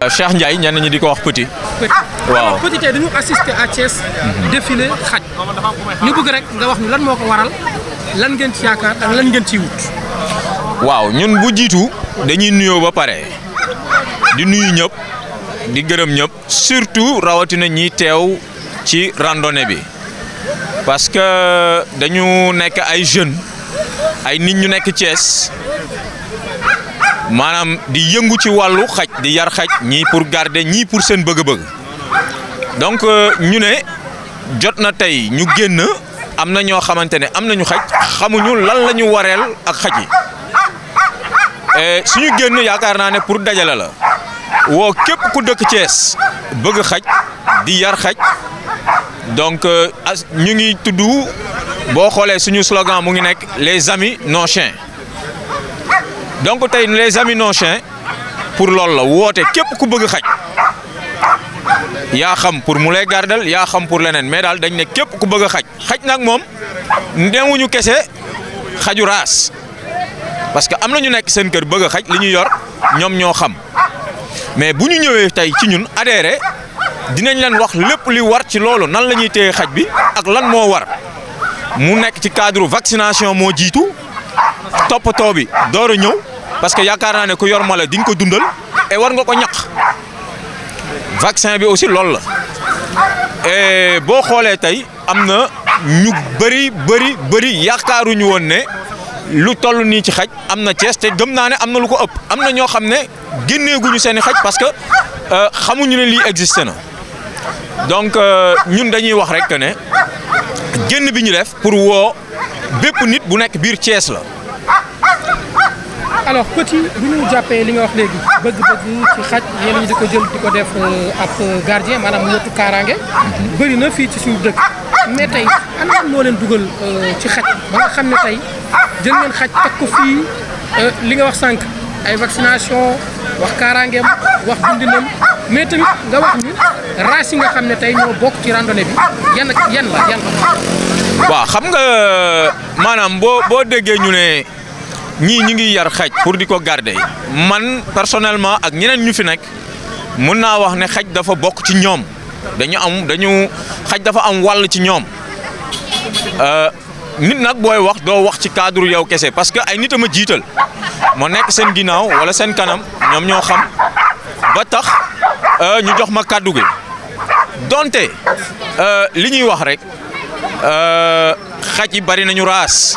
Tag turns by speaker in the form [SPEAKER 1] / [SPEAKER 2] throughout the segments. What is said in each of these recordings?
[SPEAKER 1] Eh, Cheikh Ndiaye ñan ñi diko wax petit. Ah, waaw petit
[SPEAKER 2] tey dañu assister à Thiès. défilé xaj. ñu bëgg rek nga wax ñu lan moko waral lan ngeen ci yaakaar
[SPEAKER 1] ak lan ngeen ci wut. waaw ñun bu jitu dañuy nuyo ba paré di nuyu ñëpp di gërëm ñëpp surtout rawati na ñi tew ci randonnée bi parce que dañu nek ay jeunes ay nit ñu nek Thiès. maanaam di yëngu ci wàllu xaj di yar xaj ñii pour garde ñii pour seen bëgg-bëgg donc euh, ñu ne jot na tey ñu génn am na ñoo xamante ne am nañu xaj xamuñu lan la ñu wareel ak xaj yi suñu génn yaakaar naa ne pour dajale la woo képp ku dëkk Thiès bëgg xaj di yar xaj donc euh, as ñu ngi tudd boo xoolee suñu slogan mu ngi nekk les amis nos donc tey nous les Aminochiens pour loolu la woote képp ku bëgg xaj yaa xam pour mu lay gardal yaa xam pour leneen mais daal dañ ne képp ku bëgg a xaj xaj nag moom newuñu kese xaju raas parce que am na ñu nekk seen kër bëgg a xaj li ñu yor ñoom ñoo xam mais bu ñu ñëwee tey ci ñun adhéré dinañ leen wax lépp li war ci loolu nan la ñuy téye xaj bi ak lan moo war mu nekk ci cadre vaccination moo jiitu toppatoo bi door a ñëw. parce que yaakaar naa ne ku yor mala di nga ko dundal e war nga ko ñaq vaccin bi aussi loolu la e boo xoolee tey am na ñu bëri bëri bëri yaakaaruñu woon ne lu toll nii ci xaj am na Cees te gëm naa ne am na lu ko ëpp am na ñoo xam ne génneeguñu seeni xaj parce que euh, xamuñu ne lii existé na donc euh, ñun dañuy wax rek ne génn bi ñu def pour woo bépp nit bu nekk biir Cees la.
[SPEAKER 2] alors petit bu ñu jàppee li nga wax léegi bëgg-bëgg ci xaj yéen ñi di ko jël di ko def euh, ab euh, gardien maanaam wëtu kaaraange bëri na fii ci suñu dëkk mais tey ana moo leen dugal euh, ci xaj ba nga xam ne tey jël ngeen xaj teg ko fii li nga wax sànq ay vaccination wax kaaraangeem wax dundinam mais tamit nga wax ni race yi nga xam ne tey ñoo bokk ci randonnée bi yan yan la yan la.
[SPEAKER 1] waaw xam nga maanaam boo boo déggee ñu ne ñii ñi ngi yar xaj pour diko garder man personnellement ak ñeneen ñu fi nek mën na wax ne xaj dafa bok ci ñom dañu am dañu xaj dafa am wal ci euh nit nak boy wax do wax ci cadre yow kese parce que ay nitama a mo nek ma nekk seen wala seen kanam ñom ño xam ba tax euh, ñu jox ma cadeau gi donté euh liñuy wax rek euh, xaj yi bari nañu ras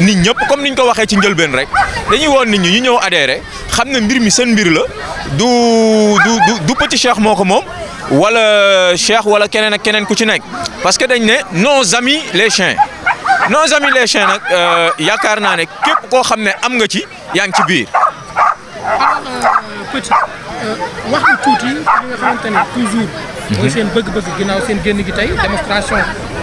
[SPEAKER 1] nit ñëpp comme ñu ko waxee ci njëlbeen rek dañuy woon nit ñi ñu ñëw adhéré xam ne mbir mi seen mbir la du du du petit moo ko moom wala cheikh wala keneen ak keneen ku ci nekk parce que dañ ne nos amis les chiens nos amis les chiens nag euh, yaakaar naa ne képp koo xam ne am nga ci yaa ngi ci biir.
[SPEAKER 2] Euh, petit euh, wax tuuti li nga xamante toujours. mooy seen bëgg-bëgg ginnaaw seen génn gi tey démonstration.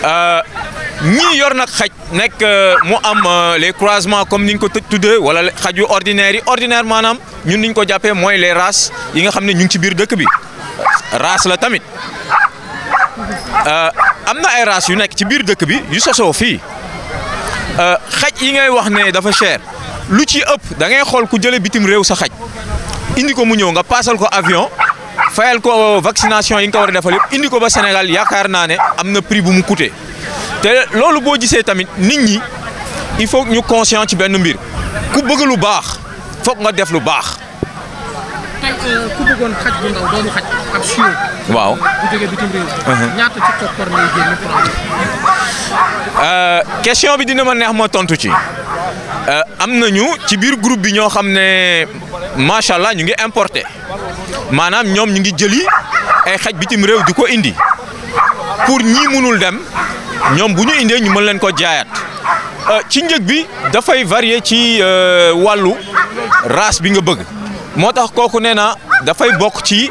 [SPEAKER 1] Euh, ñii yor nag xaj nekk euh, mu am euh, les croisements comme niñ ko tëj tuddee wala xaju ordinaire yi ordinaire maanaam ñun niñ ko jàppee mooy les ras yi nga xam ne ñu ngi ci biir dëkk bi race la tamit am na ay races yu nekk ci biir dëkk bi yu sosoo fii xaj yi ngay wax ne dafa cher lu ci ëpp da ngay xool ku jële bitim réew sa xaj indi ko mu ñëw nga paasal ko avion fayal ko euh, vaccination yi nga ko war a defal yëpp indi ko ba Sénégal yaakaar naa ne am na prix bu mu coûté te loolu boo gisee tamit nit ñi il faut ñu conscient ci benn mbir ku bëgg lu baax foog nga def lu baax. tey euh, uh-huh. euh, question bi dina ma neex ma tontu ci am nañu ci biir groupe bi ñoo xam ne. macha allah ñu ngi importé maanaam ñoom ñu ngi jëli ay xaj bitim réew di ko indi pour ñi mënul dem ñoom bu ñu indee ñu mën leen ko jaayaat euh, ci njëg bi dafay varier ci euh, wàllu race bi nga bëgg moo tax kooku nee na dafay bokk ci.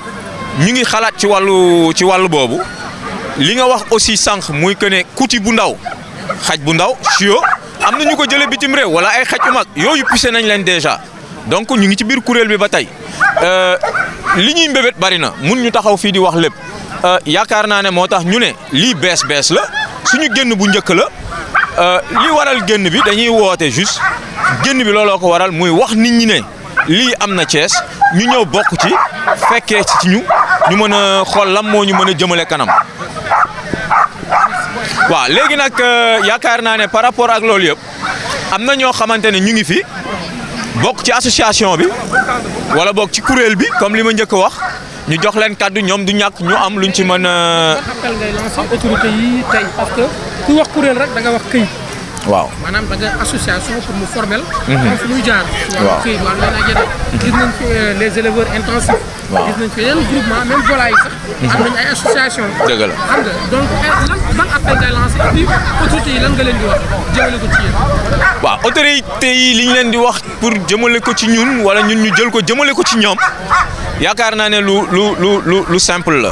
[SPEAKER 1] ñu ngi xalaat ci walu ci walu bobu li nga wax aussi sank muy que kuti bu ndaw xaj bu ndaw sio amna ñuko ñu bitim rew wala ay xaj umak yoyu pissé nañ leen déjà donc ñu ngi ci bir kuréel bi batay euh li ñuy mbébét bari na mun ñu taxaw fi di wax lepp euh yaakar ne moo ñu ne li bees bees la suñu genn bu ñëk la euh, li waral genn bi dañuy woté juste genn bi looloo ko waral muy wax nit ñi ne li amna na ñu ñew bokku ci fekke ci ñu ñu mën a xool lan moo ñu mën a jëmale kanam waaw léegi nag euh, yaakaar naa ne par rapport ak loolu yëpp am na ñoo xamante ne ñu ngi fi bokk ci association bi wala bokk ci kuréel bi comme li ma njëkk wax ñu jox leen kàddu ñoom du ñàkk ñu am luñ ci mën a.
[SPEAKER 2] appel ngay lancer autorité yi tey parce ku wax kuréel rek da wax këy. waaw maanaam da nga mu formel. Mhm. am fu muy mhm. euh, les éleveurs intensifs. waaw gis nañ fi yeneen mhm. euh,
[SPEAKER 1] leen di wax li ñu leen di wax pour jëmale ko ci ñun wala ñun ñu jël ko jëmale ko ci ñoom yaakaar naa ne lu lu lu lu simple la.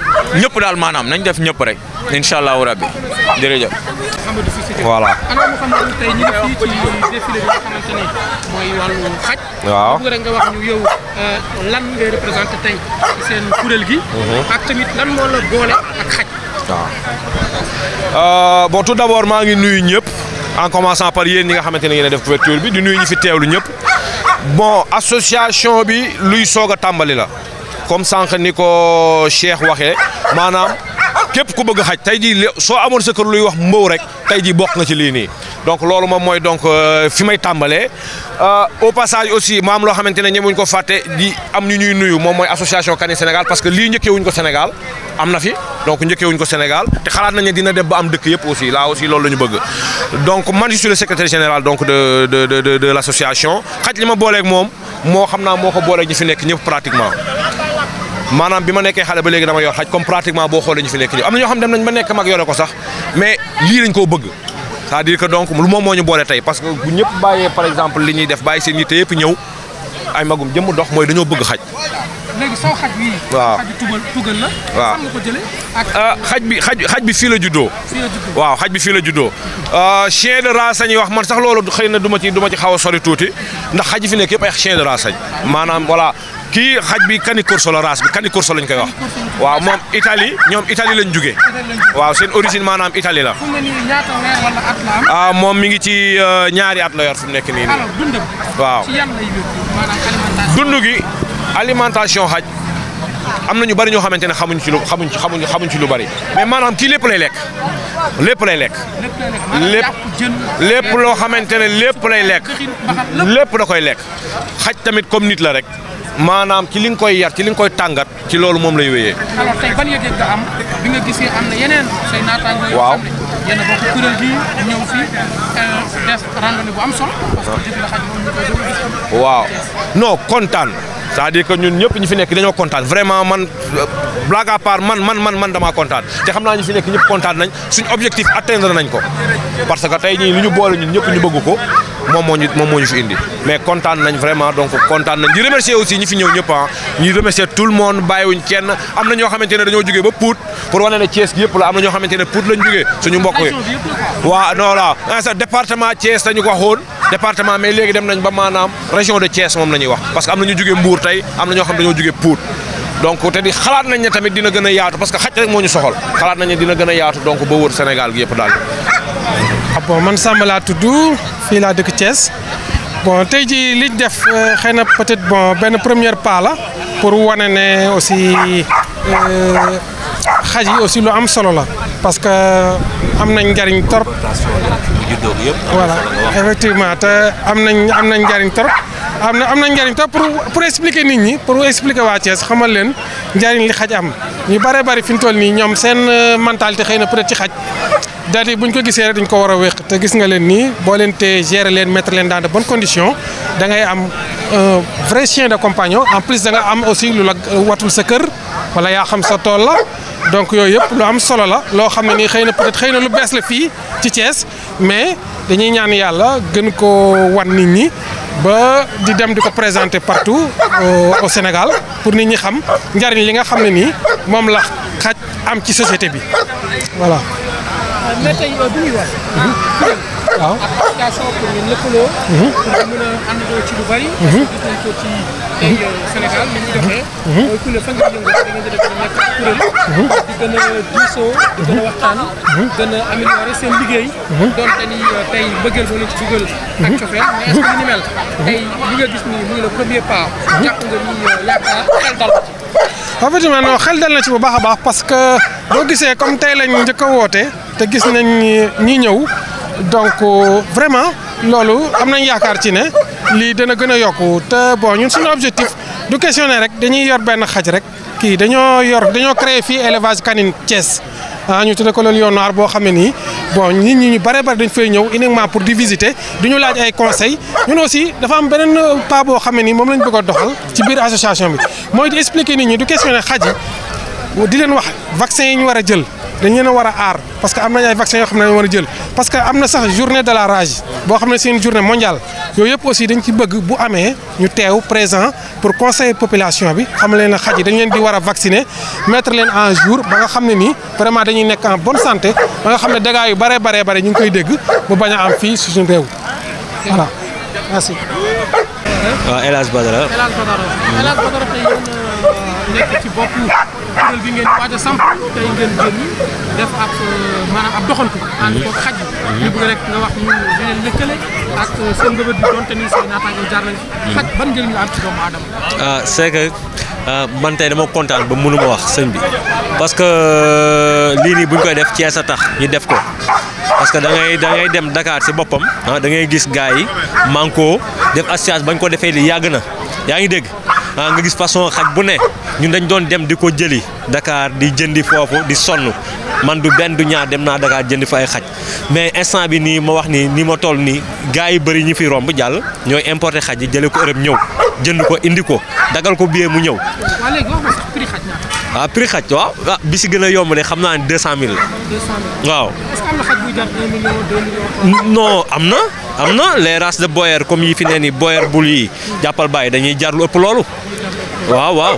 [SPEAKER 1] ñëpp daal maanaam nañ def ñëpp rek incha allahu rabbi jërëjëf. voilà.
[SPEAKER 2] waaw bëgg nga wax ñu yow euh, lan ngay représenté tey seen kuréel gi. Mhm. ak tamit lan moo la boole ak xaj.
[SPEAKER 3] Euh, bon tout d'abord maa ngi nuyu ñëpp en commençant par yéen ñi nga xamante ne yéen def couverture bi di nuyu ñi fi teewlu ñëpp bon association bi luy soog a tàmbali la. comme sank ni ko Cheikh waxe manam kep ku bëgg xaj tay jii so amone sa kër luy wax mbow rek tay jii bok na ci li ni donc lolu mom moy donc euh, fi may tàmbalee euh, au passage aussi maam lo xamantene ne ko faté di am ñu ñuy nuyu mom moy association canin Sénégal parce que lii njëkkewuñ ko Sénégal am na fi donc njëkkewuñ ko Sénégal té xalaat nañ dina dem ba am dëkk yëpp aussi là aussi lolu lañu bëgg donc man je suis le secrétaire général donc de de de de l'association xaj li ma booleeg moom moo xam naa moo ko ñi fi nek ñëpp pratiquement. maanaam bi ma nekkee xale ba léegi dama yor xaj comme pratiquement boo xoolee ñu fi nekk ñëw am na ñoo xam dem nañ ba nekk mag yore ko sax mais lii lañ koo bëgg c'est-à-dire que donc lu moom moo ñu boole tey parce que bu ñëpp bàyyee par exemple li ñuy def bàyyi seen yitte yëpp ñëw ay magum jëm jëmm dox mooy dañoo bëgg xaj.
[SPEAKER 2] léegi waaw xaj bi tugal tugal waaw ak.
[SPEAKER 3] Euh, xaj bi xaj xaj bi fii la juddoo. fii xaj bi fii la juddoo. Euh, chien de race ñuy wax man sax loolu xëy na du ma ci du ci xaw a sori tuuti ndax xaj fi nekk yëpp ay chien de race maanaam kii xaj bi kani corso la bi kani corso lañ koy wax waaw moom itali ñoom Italie lañ jóge waaw seen origine maanaam itali la ah moom mi ngi ci ñaari at la yor fu mu nekk nii nii waaw dund gi alimentation xaj am na ñu bari ñoo xamante ne xamuñ ci lu xamuñ ci xamuñ ci lu bari mais maanaam kii lépp lay lekk lépp lay lekk. lépp lépp loo xamante ne lépp lay lekk lépp da koy lekk xaj tamit comme nit la rek. maanaam ci li koy yar ci li nga koy tàngat ci loolu moom lay wéyee.
[SPEAKER 2] alors tey ban yëg-yëg nga am bi nga gisee am na yeneen euh, am solo.
[SPEAKER 3] parce waaw non kontaan. c'est-à-dire que ñun ñëpp ñu fi nekk dañoo kontaan vraiment man euh, blague à part man man man man damaa kontaan te xam naa ñu fi nekk ñëpp kontaan nañ suñ objectif atteindre nañ ko parce que tey ñii li ñu boole ñun ñëpp ñu bëgg ko moom moo ñu moom moo ñu fi indi mais kontaan nañ vraiment donc kontaan nañ di remercier aussi ñi fi ñëw ñëpp ah ñuy remercier tout le monde bàyyiwuñ kenn am na ñoo xamante ne dañoo jógee ba Pout pour wane ne Thiès gi yëpp la am na ñoo xamante ne Pout lañ jógee suñu mbokk yi waaw non ah, la sa ko waxoon département mais léegi dem nañ ba maanaam région de Thiès moom la ñuy wax parce que am na ñu jógee Mbour tey am na ñoo xam dañoo jógee Pout donc te di xalaat nañ ne tamit dina gën a yaatu parce que moo ñu soxal xalaat nañ ne dina gën a yaatu donc ba wër Sénégal gi yëpp daal
[SPEAKER 4] abon ah man Samba laa tudd fii laa dëkk Thiès bon tey jii liñ def euh, xëy na peut-être bon benn première pas la pour wane ne aussi euh, xaj yi aussi lu am solo la parce que am nañ njariñ torop voilà effectivement te am nañ am nañ njariñ torop am na am na njariñ torop pour pour expliquer nit ñi pour expliquer waa cees xamal leen njariñ li xaj am ñu bare bari fi ñu toll nii ñoom seen euh, mentalité xëy na peut ci xaj daal buñ ko gisé rek dañ ko wara wéx té gis nga leen ni bo leen té gérer leen mettre leen dans de bonnes conditions da ngay am un vrai chien de compagnon en plus da nga am aussi lu watul sa kër wala ya xam sa tool la donc yooyu yëpp lu am solo la lo xam ne nii peut-être xeyna lu bees la fii ci Thiès mais dañuy ñaan yalla gën ko wan nit ñi ba di dem diko présenter partout euh, au Sénégal pour nit ñi xam njariñ li nga xam ne nii la xaj am ci société bi voilà. Ah. Ah. Mhm. Mhm. mais ñuy wax. waaw
[SPEAKER 2] ak pour ñu lëkkaloo. pour ñu mën a àndandoo ci lu bari. gis nañ ko ci Sénégal ni ñu doxee. mooy ku ne fa nga yëngu da nga def nekk kuréel. di gën a diisoo. di gën a waxtaan. gën a améliorer seen liggéey. Mhm. donte euh, ni tey bëggeel ba ci dugal. ak mais est-ce ni mel. tey li nga gis le premier pas. jàpp nga ni euh, yaakaar euh, dal
[SPEAKER 4] effectivement non xel dal na ci bu baax a baax parce que boo gisee comme tey lañ njëkk a woote te gis nañ ñi ñëw donc vraiment loolu am nañ yaakaar ci ne lii dana gën a yokku te bon ñun suñu objectif du questionner rek dañuy yor benn xaj rek kii dañoo yor dañoo créer fii élevage kanin Thiès ah ñu tuddee ko le lion noir boo xam ne nii. bon nit ñi ñu bare bare dañ fay ñëw uniquement pour di visiter duñu laaj ay conseils ñun aussi dafa am benen euh, pas bo xamé ni mom lañ bëgg a doxal ci biir association bi moy di expliquer nit ñi du question ne di leen wax vaccin yi ñu wara jël dañ leen a war a aar parce que am nañ ay vaccin yoo xam ne war a jël parce que am na sax journée de la rage boo xam ne c'est une journée mondiale yooyu yëpp aussi dañ ci bëgg bu amee ñu teew présent pour conseiller population bi xam leen xaj yi dañ leen di war a vacciner mettre leen en jour ba nga xam ne nii vraiment dañuy nekk en bonne santé ba nga xam ne dégâts yu bare bare bare ñu ngi koy dégg bu bañ a am fii suñu réew voilà merci.
[SPEAKER 5] waaw El Hadj Badara. El
[SPEAKER 2] Hadj Badara. Mm. nekk ci bopp kuréel bi ngeen waaj a samp tey ngeen jëm def ak euh, maanaam ab doxantu. ko xaj ñu nga wax ñu lëkkale ak euh, seen mbëbët bi doonte ni say naataango jaar nañ xaj ban njëriñ
[SPEAKER 5] euh, kontaan ba mënuma wax sëñ bi parce que lii nii bu ñu koy def Cees a tax ñu def ko. parce que da da dem ndakaar si boppam ah da ngay gis gars yi manko def association bañ ko defee li yàgg na yaa ngi dégg Ah, nga gis façon xaj bu ne ñun dañ doon dem di ko jëli Dakar di jëndi fofu di sonn man du ben du ñaar dem naa Dakar jëndi fa ay xaj mais instant bi nii ma wax nii ni ma toll nii gars yi nyoi ñi fi romb jàll ñooy importer xaj yi jëlee ko Europe ñëw jënd ko indi ko dagal ko mu ñëw. ah prix xaj waaw ah bi si gën a yomb de xam naa ne deux cent mille waaw.
[SPEAKER 2] am
[SPEAKER 5] na non am na am na les races de boyer comme yi fi nee nii boyer bul yi jàppal bàyyi dañuy jar lu ëpp loolu. waaw waaw.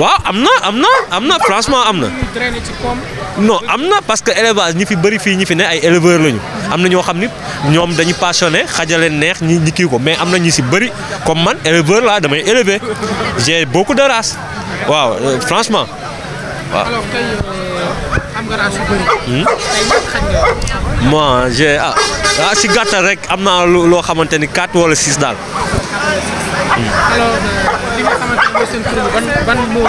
[SPEAKER 5] waaw am na am na am na franchement am na. non amna parce que élevage ñi fi bari fi ñi fi né ay éleveur lañu amna ño xamni ñom dañu passionné xajalé neex ñi ñi kii ko mais amna ñi ci si comme man éleveur laa damay élever j'ai beaucoup de races waaw euh, franchement waaw. moi j'ai ah ah si gàttal rek am naa loo xamante wala six daal. alors
[SPEAKER 2] euh, li nga xamante ni ban ban moo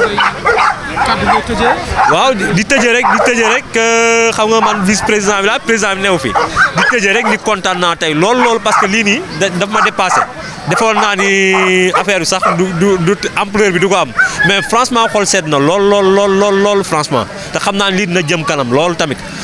[SPEAKER 5] waaw di tëjee rek di tëjee rek euh, xam nga man vice président bi la président bi newu fi di tëjee rek ni kontaan naa tey lool lool parce que lii nii daf ma dépassé defoon naa ni affaire bi sax du du du ampleur bi du ko am mais franchement xol seet na lool lool lool lool lool franchement te xam naa ni lii dina jëm kanam lool tamit.